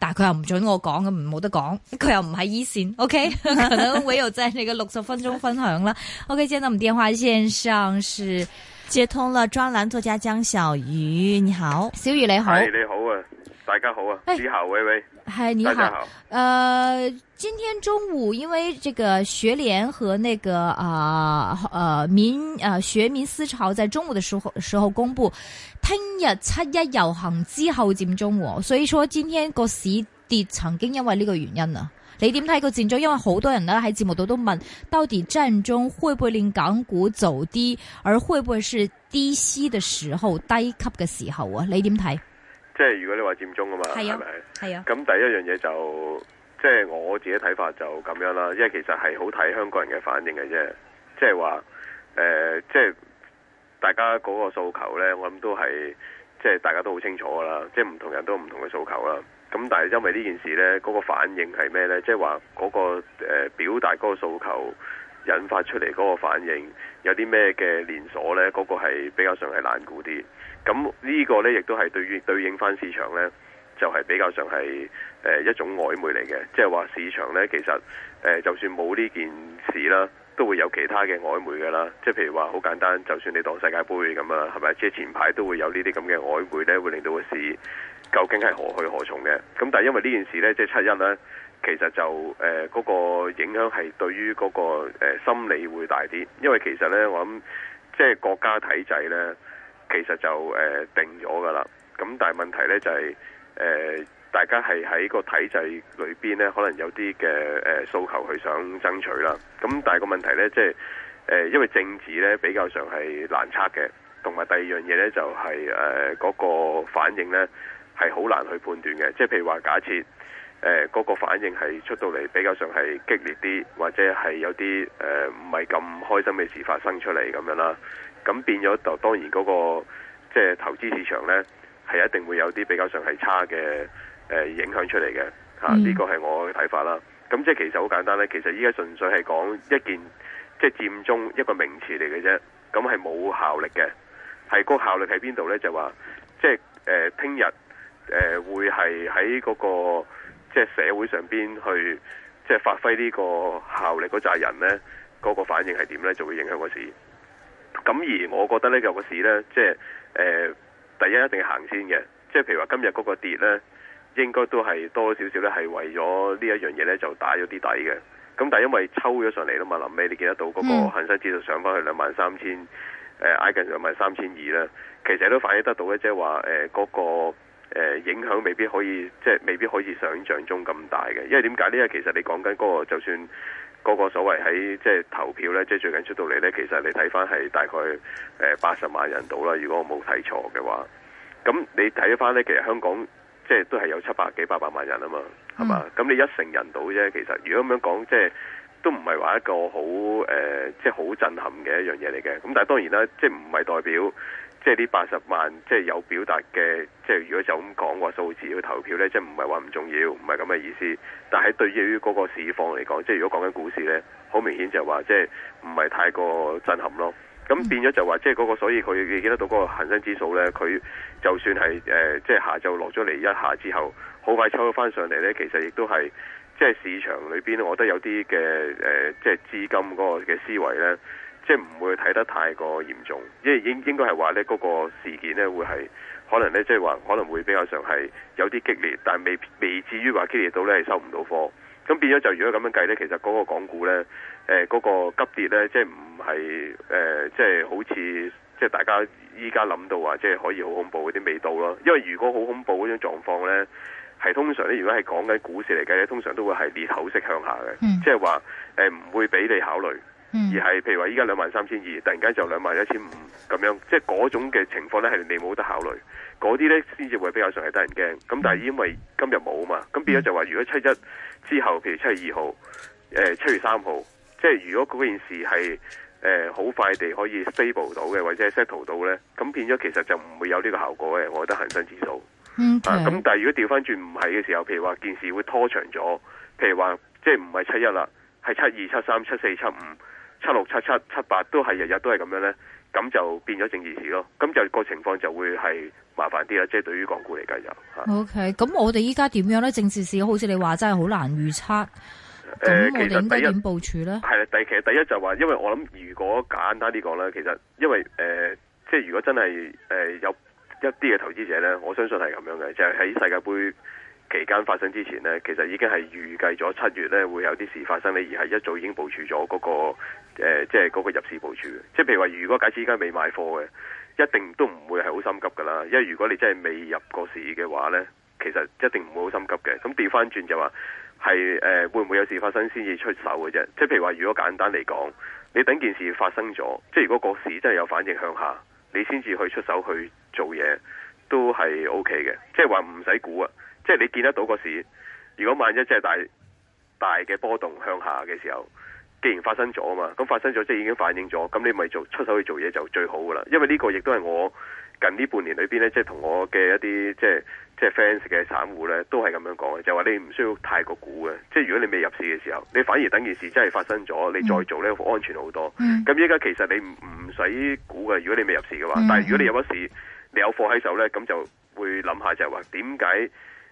但係佢又唔准我講，咁冇得講。佢又唔喺一線，OK？唯 有就係你嘅六十分鐘分享啦。OK，現在我們電話線上是接通了專欄作家江小魚，你好，小魚你好，哎，你好啊。大家好啊，子豪喂喂，嗨美你好，好呃，今天中午因為這個學聯和那個啊，呃、呃民，呃學民思潮在中午的時候時候公布，聽日七一遊行之後佔中，哦，所以說今天個市跌，曾經因為呢個原因啊，你點睇個佔中？因為好多人呢喺節目度都問，到底佔中會不會令港股做低，而會不會是低息的時候低吸嘅時候啊？你點睇？即係如果你話佔中啊嘛，係咪？係啊。咁第一樣嘢就，即係我自己睇法就咁樣啦。因為其實係好睇香港人嘅反應嘅啫。即係話，誒，即係大家嗰個訴求咧，我諗都係，即係大家都好清楚噶啦。即係唔同人都唔同嘅訴求啦。咁但係因為呢件事咧，嗰個反應係咩咧？即係話嗰個誒表達嗰個訴求。引發出嚟嗰個反應有啲咩嘅連鎖呢？嗰、那個係比較上係難估啲。咁呢個呢，亦都係對於對應翻市場呢，就係、是、比較上係誒、呃、一種曖昧嚟嘅。即係話市場呢，其實誒、呃、就算冇呢件事啦，都會有其他嘅曖昧噶啦。即係譬如話好簡單，就算你當世界盃咁啊，係咪？即係前排都會有呢啲咁嘅曖昧呢，會令到個市究竟係何去何從嘅。咁但係因為呢件事呢，即係七一呢。其實就誒嗰、呃那個影響係對於嗰、那個、呃、心理會大啲，因為其實呢，我諗即係國家體制呢，其實就誒、呃、定咗㗎啦。咁但係問題呢，就係、是、誒、呃、大家係喺個體制裏邊呢，可能有啲嘅誒訴求去想爭取啦。咁但係個問題呢，即係誒因為政治呢，比較上係難測嘅，同埋第二樣嘢呢，就係誒嗰個反應呢，係好難去判斷嘅。即係譬如話假設。誒，嗰、呃那個反應係出到嚟比較上係激烈啲，或者係有啲誒唔係咁開心嘅事發生出嚟咁樣啦。咁變咗就當然嗰、那個即係、就是、投資市場呢，係一定會有啲比較上係差嘅誒、呃、影響出嚟嘅。吓、啊、呢、這個係我嘅睇法啦。咁即係其實好簡單呢，其實依家純粹係講一件即係佔中一個名詞嚟嘅啫。咁係冇效力嘅。係個效力喺邊度呢？就話即係誒聽日誒會係喺嗰個。即係社會上邊去，即係發揮呢個效力嗰扎人呢，嗰、那個反應係點呢？就會影響個市。咁而我覺得呢，有、這個市呢，即係誒、呃，第一一定行先嘅。即係譬如話今日嗰個跌呢，應該都係多少少呢，係為咗呢一樣嘢呢，就打咗啲底嘅。咁但係因為抽咗上嚟啦嘛，臨尾、嗯、你記得，到嗰個恆生指數上翻去兩萬三千，誒挨近兩萬三千二啦，其實都反映得到呢，即係話誒嗰個。誒影響未必可以，即係未必可以想像中咁大嘅，因為點解咧？因為其實你講緊嗰個，就算嗰個所謂喺即係投票咧，即係最近出到嚟咧，其實你睇翻係大概誒八十萬人到啦，如果我冇睇錯嘅話，咁你睇翻咧，其實香港即係都係有七百幾、八百萬人啊嘛，係嘛、嗯？咁你一成人到啫，其實如果咁樣講，即係都唔係話一個好誒、呃，即係好震撼嘅一樣嘢嚟嘅。咁但係當然啦，即係唔係代表。即係呢八十萬，即係有表達嘅，即係如果就咁講話數字去投票呢，即係唔係話唔重要，唔係咁嘅意思。但係對於嗰個市況嚟講，即係如果講緊股市呢，好明顯就係話即係唔係太過震撼咯。咁變咗就話，即係嗰個所以佢記得到嗰個恆生指數呢，佢就算係、呃、即係下晝落咗嚟一下之後，好快抽咗翻上嚟呢，其實亦都係即係市場裏邊我覺得有啲嘅、呃、即係資金嗰個嘅思維呢。即係唔會睇得太過嚴重，因為應應該係話咧嗰個事件咧會係可能呢，即係話可能會比較上係有啲激烈，但係未未至於話激烈到咧收唔到貨。咁變咗就如果咁樣計呢，其實嗰個港股呢，誒、呃、嗰、那個急跌呢，即係唔係誒即係好似即係大家依家諗到話即係可以好恐怖嗰啲味道咯。因為如果好恐怖嗰種狀況呢，係通常呢，如果係講緊股市嚟計呢，通常都會係裂口式向下嘅。嗯、即係話誒唔會俾你考慮。嗯、而係譬如話依家兩萬三千二，突然間就兩萬一千五咁樣，即係嗰種嘅情況咧，係你冇得考慮。嗰啲咧先至會比較上係得人驚。咁但係因為今日冇嘛，咁變咗就話如果七一之後，譬如七月二號、誒、呃、七月三號，即係如果嗰件事係誒好快地可以 settle 到嘅，或者 settle 到咧，咁變咗其實就唔會有呢個效果嘅。我覺得恒生指數，咁、嗯 okay. 啊、但係如果調翻轉唔係嘅時候，譬如話件事會拖長咗，譬如話即係唔係七一啦，係七二、七三、七四、七五。七六七七七八都係日日都係咁樣呢，咁就變咗政治市咯，咁就、個情況就會係麻煩啲啦，即、就、係、是、對於港股嚟計就。O K. 咁我哋依家點樣呢？政治市好似你話真係好難預測，咁我哋、呃、應該點部署呢？係啦，第其實第一就話、是，因為我諗如果簡單啲講呢，其實因為誒、呃，即係如果真係誒、呃、有一啲嘅投資者呢，我相信係咁樣嘅，就係、是、喺世界杯。期間發生之前呢，其實已經係預計咗七月呢會有啲事發生，你而係一早已經部署咗嗰個即係嗰個入市部署，即係譬如話，如果假設依家未買貨嘅，一定都唔會係好心急㗎喇。因為如果你真係未入過市嘅話呢，其實一定唔會好心急嘅。咁調返轉就話係誒，會唔會有事發生先至出手嘅啫？即係譬如話，如果簡單嚟講，你等件事發生咗，即係如果個市真係有反應向下，你先至去出手去做嘢都係 OK 嘅。即係話唔使估啊！即係你見得到個市，如果萬一即係大大嘅波動向下嘅時候，既然發生咗啊嘛，咁發生咗即係已經反映咗，咁你咪做出手去做嘢就最好噶啦。因為呢個亦都係我近呢半年裏邊咧，即係同我嘅一啲即係即係 fans 嘅散戶咧，都係咁樣講嘅，就係話你唔需要太過估嘅。即係如果你未入市嘅時候，你反而等件事真係發生咗，你再做咧、嗯、安全好多。咁依家其實你唔使估嘅，如果你未入市嘅話，嗯、但係如果你入咗市，你有貨喺手咧，咁就會諗下就係話點解？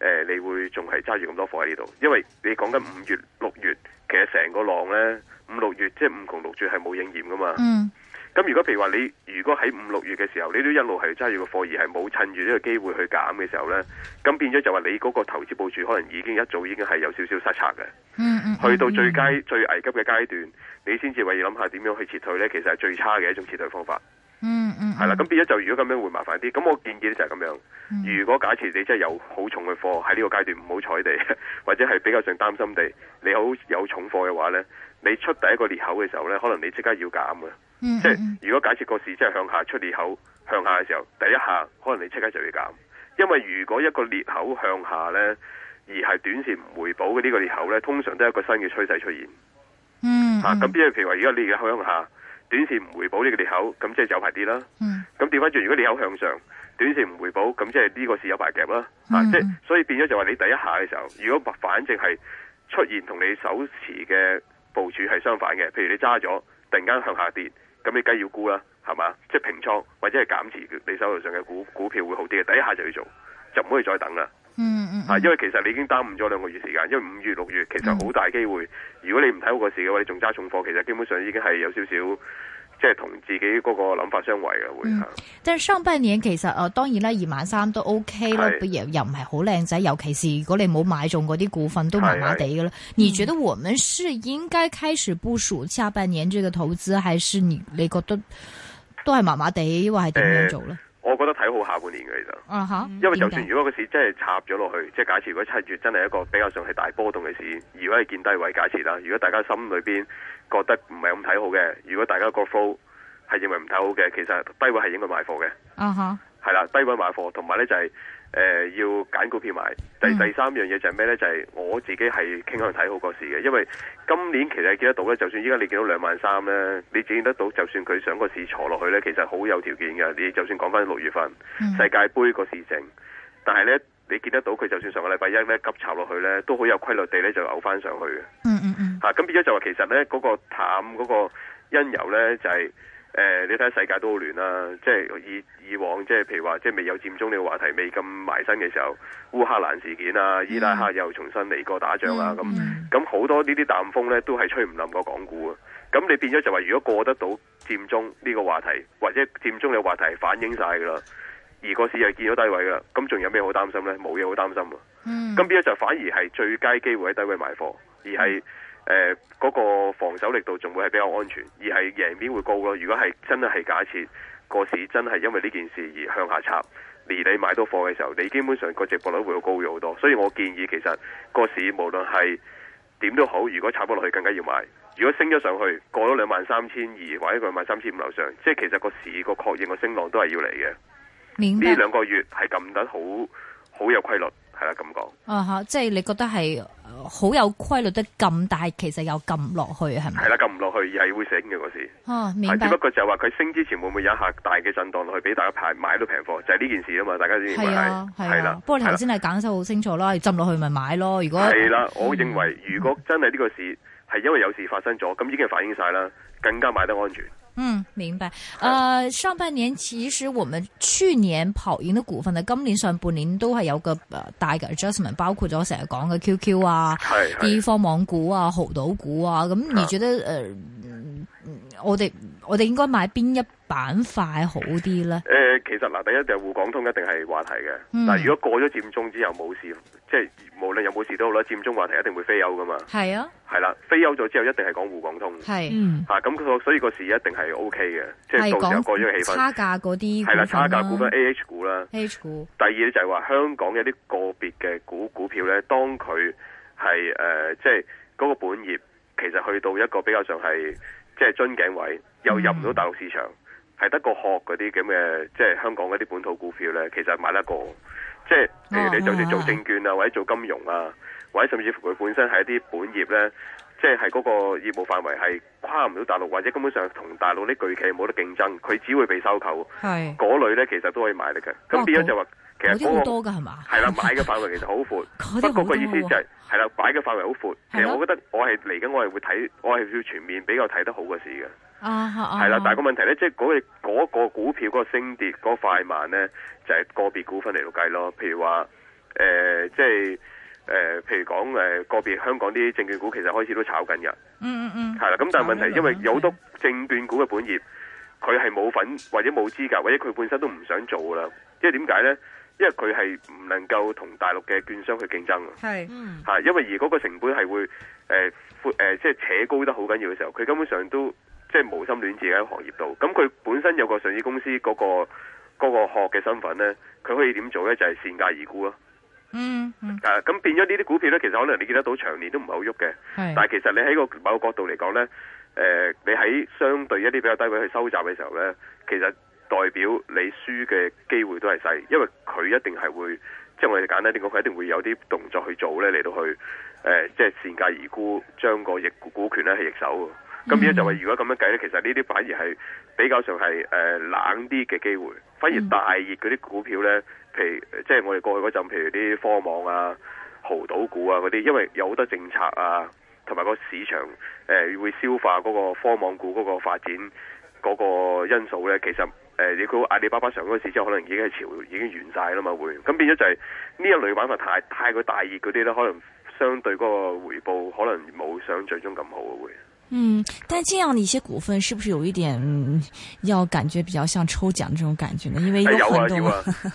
誒、呃，你會仲係揸住咁多貨喺呢度？因為你講緊五月、六月，其實成個浪咧，5, 就是、五六月即係五窮六絕，係冇應驗噶嘛。嗯。咁如果譬如話你，如果喺五六月嘅時候，你都一路係揸住個貨，而係冇趁住呢個機會去減嘅時候咧，咁變咗就話你嗰個投資部署可能已經一早已經係有少少失策嘅、嗯。嗯嗯。去到最佳、最危急嘅階段，你先至話要諗下點樣去撤退咧，其實係最差嘅一種撤退方法。係啦，咁變咗就如果咁樣會麻煩啲，咁我建議咧就係咁樣。Mm hmm. 如果假設你真係有好重嘅貨喺呢個階段唔好彩地，或者係比較上擔心地，你好有，有重貨嘅話呢，你出第一個裂口嘅時候呢，可能你即刻要減嘅。Mm hmm. 即係如果假設個市真係、就是、向下出裂口向下嘅時候，第一下可能你即刻就要減，因為如果一個裂口向下呢，而係短綫唔回補嘅呢個裂口呢，通常都係一個新嘅趨勢出現。咁、mm，因為譬如話，如果你而家向下。短線唔回補呢個裂口，咁即係有排跌啦。咁調翻轉，如果裂口向上，短線唔回補，咁即係呢個市有排夾啦。即係、嗯啊就是、所以變咗就話你第一下嘅時候，如果反正係出現同你手持嘅部署係相反嘅，譬如你揸咗突然間向下跌，咁你梗要沽啦，係嘛？即、就、係、是、平倉或者係減持你手頭上嘅股股票會好啲嘅。第一下就要做，就唔可以再等啦。嗯嗯，啊、嗯，因為其實你已經耽誤咗兩個月時間，因為五月六月其實好大機會，嗯、如果你唔睇好個市嘅話，你仲揸重貨，其實基本上已經係有少少，即係同自己嗰個諗法相違嘅會、嗯、但係上半年其實誒、呃，當然啦，二萬三都 OK 咯。是又不如又唔係好靚仔，尤其是如果你冇買中嗰啲股份，都麻麻地噶啦。是是你覺得我們是應該開始部署下半年這個投資，還是你你覺得都係麻麻地，或係點樣做咧？呃我覺得睇好下半年嘅，其實，因為就算如果個市真係插咗落去，即係假設如果七月真係一個比較上係大波動嘅市，如果係見低位假設啦，如果大家心裏邊覺得唔係咁睇好嘅，如果大家個 flow 係認為唔睇好嘅，其實低位係應該賣貨嘅。Uh huh. 係啦，低位買貨，同埋咧就係、是、誒、呃、要揀股票買。第、嗯、第三樣嘢就係咩咧？就係、是、我自己係傾向睇好個市嘅，因為今年其實你見得到咧，就算依家你，看到 23, 000, 你見到兩萬三咧，你見得到就算佢上個市坐落去咧，其實好有條件嘅。你就算講翻六月份、嗯、世界盃個事情，但係咧你見得到佢就算上個禮拜一咧急插落去咧，都好有規律地咧就嘔翻上去嘅。嗯嗯嗯，吓咁、啊、變咗就話其實咧嗰、那個淡嗰、那個因由咧就係、是。誒、呃，你睇世界都好亂啦，即係以以往，即係譬如話，即係未有佔中呢個話題未咁埋身嘅時候，烏克蘭事件啊，mm. 伊拉克又重新嚟過打仗啊，咁咁好多呢啲淡風咧都係吹唔冧個港股啊。咁你變咗就話，如果過得到佔中呢個話題，或者佔中嘅話題反映晒噶啦，而個市又見到低位噶，咁仲有咩好擔心咧？冇嘢好擔心啊。咁、mm hmm. 變咗就反而係最佳機會喺低位買貨，而係。誒，嗰、呃那個防守力度仲會係比較安全，而係贏面會高咯。如果係真係假設個市真係因為呢件事而向下插，而你買到貨嘅時候，你基本上個值博率會高咗好多。所以我建議其實個市無論係點都好，如果插咗落去，更加要買。如果升咗上去，過咗兩萬三千二或者兩萬三千五樓上，即係其實個市個確認個升浪都係要嚟嘅。明白。呢兩白個月係撳得好好有規律。係啦，咁講啊吓，即係你覺得係好有規律得咁但係其實又撳落去係？係啦，撳唔落去而係會升嘅嗰時哦。只不過就係話佢升之前會唔會有一下大嘅震蕩落去，俾大家買到平貨，就係、是、呢件事啊嘛。大家先係啊，係啦、啊。了不過頭先你講咗好清楚啦，了你浸落去咪買咯。如果係啦，我認為如果真係呢個事係、嗯、因為有事發生咗，咁已經反映晒啦，更加買得安全。嗯，明白。誒，呃，上半年其實我們去年跑贏的股份呢，今年上半年都係有個、呃、大嘅 adjustment，包括咗成日講嘅 QQ 啊，是是地方網股啊，濠賭股啊，咁你覺得誒是、呃，我哋？我哋應該買邊一板塊好啲咧？誒、呃，其實嗱，第一就係滬港通一定係話題嘅。嗱、嗯，但如果過咗佔中之後冇事，即係無論有冇事都好啦，佔中話題一定會飛歐噶嘛。係啊，係啦，飛歐咗之後一定係講滬港通。係是，吓咁，個，所以個市一定係 O K 嘅，即係到時候過咗氣氛。差價嗰啲係啦，差價股啦，A H 股啦。H 股。第二咧就係話香港有一啲個別嘅股股票咧，當佢係誒，即係嗰個本業，其實去到一個比較上係。即係樽頸位，又入唔到大陸市場，係得個殼嗰啲咁嘅，即係香港嗰啲本土股票呢，其實買得過。即係譬如你就算做證券啊，或者做金融啊，或者甚至乎佢本身係一啲本業呢，即係係嗰個業務範圍係跨唔到大陸，或者根本上同大陸啲巨企冇得競爭，佢只會被收購。係嗰類呢，其實都可以買得嘅。咁變咗就話。其實好、那個、多噶係嘛，係啦，買嘅範圍其實好闊。很不過個意思就係、是，係啦，買嘅範圍好闊。很闊的其實我覺得我係嚟緊，我係會睇，我係要全面比較睇得好嘅事嘅、啊。啊係啦，但係個問題咧，即係嗰個股票嗰個升跌嗰快慢咧，就係、是、個別股份嚟到計咯。譬如話，誒、呃，即係誒、呃，譬如講誒，個別香港啲證券股其實開始都炒緊嘅、嗯。嗯嗯嗯。係啦，咁但係問題，因為有好多證券股嘅本業，佢係冇份或者冇資格，或者佢本身都唔想做啦。即係點解咧？因為佢係唔能夠同大陸嘅券商去競爭啊，係是，吓、嗯，因為而嗰個成本係會誒，誒、呃，即、呃、係、就是、扯高得好緊要嘅時候，佢根本上都即係、就是、無心戀戰喺行業度。咁佢本身有個上市公司嗰、那個嗰、那個殼嘅身份咧，佢可以點做咧？就係、是、善價而沽咯、嗯。嗯啊，咁變咗呢啲股票咧，其實可能你見得到長年都唔係好喐嘅。是但係其實你喺個某個角度嚟講咧，誒、呃，你喺相對一啲比較低位去收集嘅時候咧，其實。代表你輸嘅機會都係細，因為佢一定係會，即係我哋簡單啲講，佢一定會有啲動作去做咧，嚟到去誒、呃，即係善價而沽，將個易股，股權咧係易手，咁變咗就係，如果咁樣計咧，其實呢啲反而係比較上係誒、呃、冷啲嘅機會。反而大熱嗰啲股票咧，譬如即係我哋過去嗰陣，譬如啲科網啊、豪賭股啊嗰啲，因為有好多政策啊，同埋個市場誒、呃、會消化嗰個科網股嗰個發展嗰個因素咧，其實。誒、呃，你估阿里巴巴上嗰時之後，可能已經係潮，已經完晒啦嘛，會咁變咗就係、是、呢一類玩法太，太太過大熱嗰啲咧，可能相對嗰個回報可能冇想像中咁好嘅會。嗯，但係這樣的一些股份，是不是有一點、嗯、要感覺比較像抽獎這種感覺呢？因為有、啊、有啊，有啊，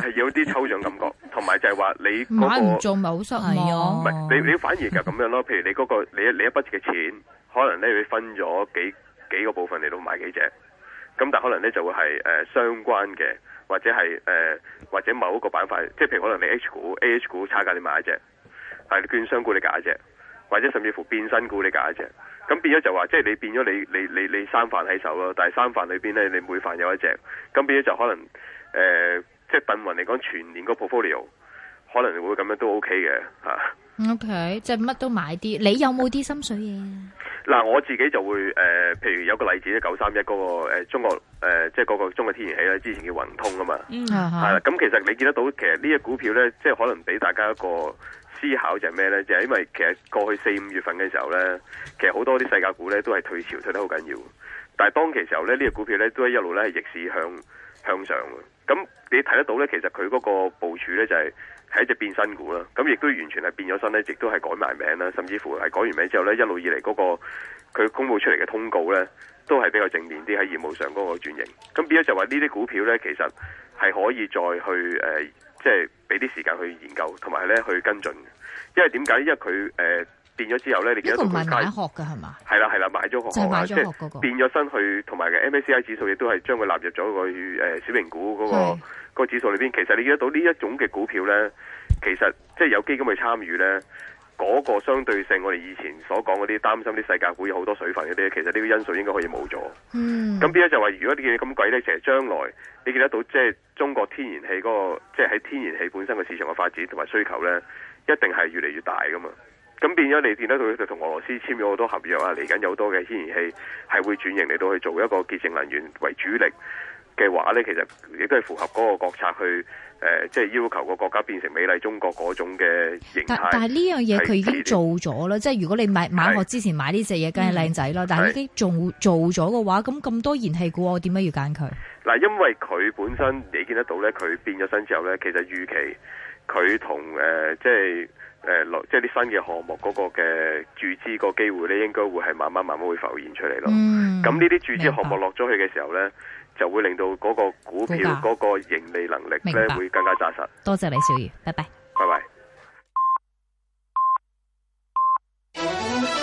係 有啲抽獎感覺，同埋就係話你嗰、那個做唔好失望，唔係 你你反而就咁樣咯，譬如你嗰、那個你你一筆嘅錢，可能咧你分咗幾幾個部分嚟到買幾隻。咁但係可能咧就會係誒、呃、相關嘅，或者係誒、呃、或者某一個板塊，即係譬如可能你 H 股、A H 股差價你買一隻，係你券商股你揀一隻，或者甚至乎變身股你揀一隻，咁變咗就話即係你變咗你你你你三飯喺手咯，但係三飯裏邊咧你每飯有一隻，咁變咗就可能誒、呃、即係鄧云嚟講全年個 portfolio 可能會咁樣都 OK 嘅嚇。O、okay, K，即係乜都買啲，你有冇啲心水嘢？嗱，我自己就會誒、呃，譬如有個例子咧，九三一嗰個誒、呃、中國誒，即係嗰個中國天然氣咧，之前叫云通啊嘛，係啦。咁其實你見得到，其實呢隻股票咧，即係可能俾大家一個思考就係咩咧？就係、是、因為其實過去四五月份嘅時候咧，其實好多啲世界股咧都係退潮，退得好緊要。但係當其時，時候咧，呢、這個股票咧都係一路咧逆市向向上嘅。咁、嗯、你睇得到咧，其實佢嗰個部署咧就係、是。係一隻變身股啦，咁亦都完全係變咗身咧，亦都係改埋名啦，甚至乎係改完名之後咧，一路以嚟嗰個佢公佈出嚟嘅通告咧，都係比較正面啲喺業務上嗰個轉型。咁變咗就話呢啲股票咧，其實係可以再去，即係俾啲時間去研究，同埋咧去跟進。因為點解？因為佢變咗之後咧，你見得到同埋學㗎係嘛？係啦，係啦，買咗學，學就係咗變咗身去，同埋嘅 MSCI 指數亦都係將佢納入咗佢誒小盤股嗰，那個嗰是個指數裏邊。其實你見得到呢一種嘅股票咧，其實即係有基金去參與咧，嗰，那個相對性，我哋以前所講嗰啲擔心啲世界股有好多水分嗰啲，其實呢個因素應該可以冇咗。咁變咧就話如果你見到咁鬼咧，其實將來你見得到即係中國天然氣嗰，那個，即係喺天然氣本身嘅市場嘅發展同埋需求咧，一定係越嚟越大噶嘛。咁變咗你見得到佢同俄羅斯簽咗好多合約啊，嚟緊有多嘅天然氣係會轉型嚟到去做一個潔淨能源為主力嘅話咧，其實亦都係符合嗰個國策去、呃、即係要求個國家變成美麗中國嗰種嘅形態。但係呢樣嘢佢已經做咗啦，即係是如果你買買我之前買呢隻嘢，梗係靚仔啦，但已經做做咗嘅話，咁咁多燃氣股，我點解要揀佢？嗱，因為佢本身你見得到咧，佢變咗身之後咧，其實預期佢同誒即係。誒，落即係啲新嘅項目嗰個嘅注資個機會咧，應該會係慢慢慢慢會浮現出嚟咯，嗯。咁呢啲注資項目落咗去嘅時候咧，就會令到嗰個股票嗰個盈利能力咧，股價，會更加紮實。多謝你，小魚，拜拜，拜拜。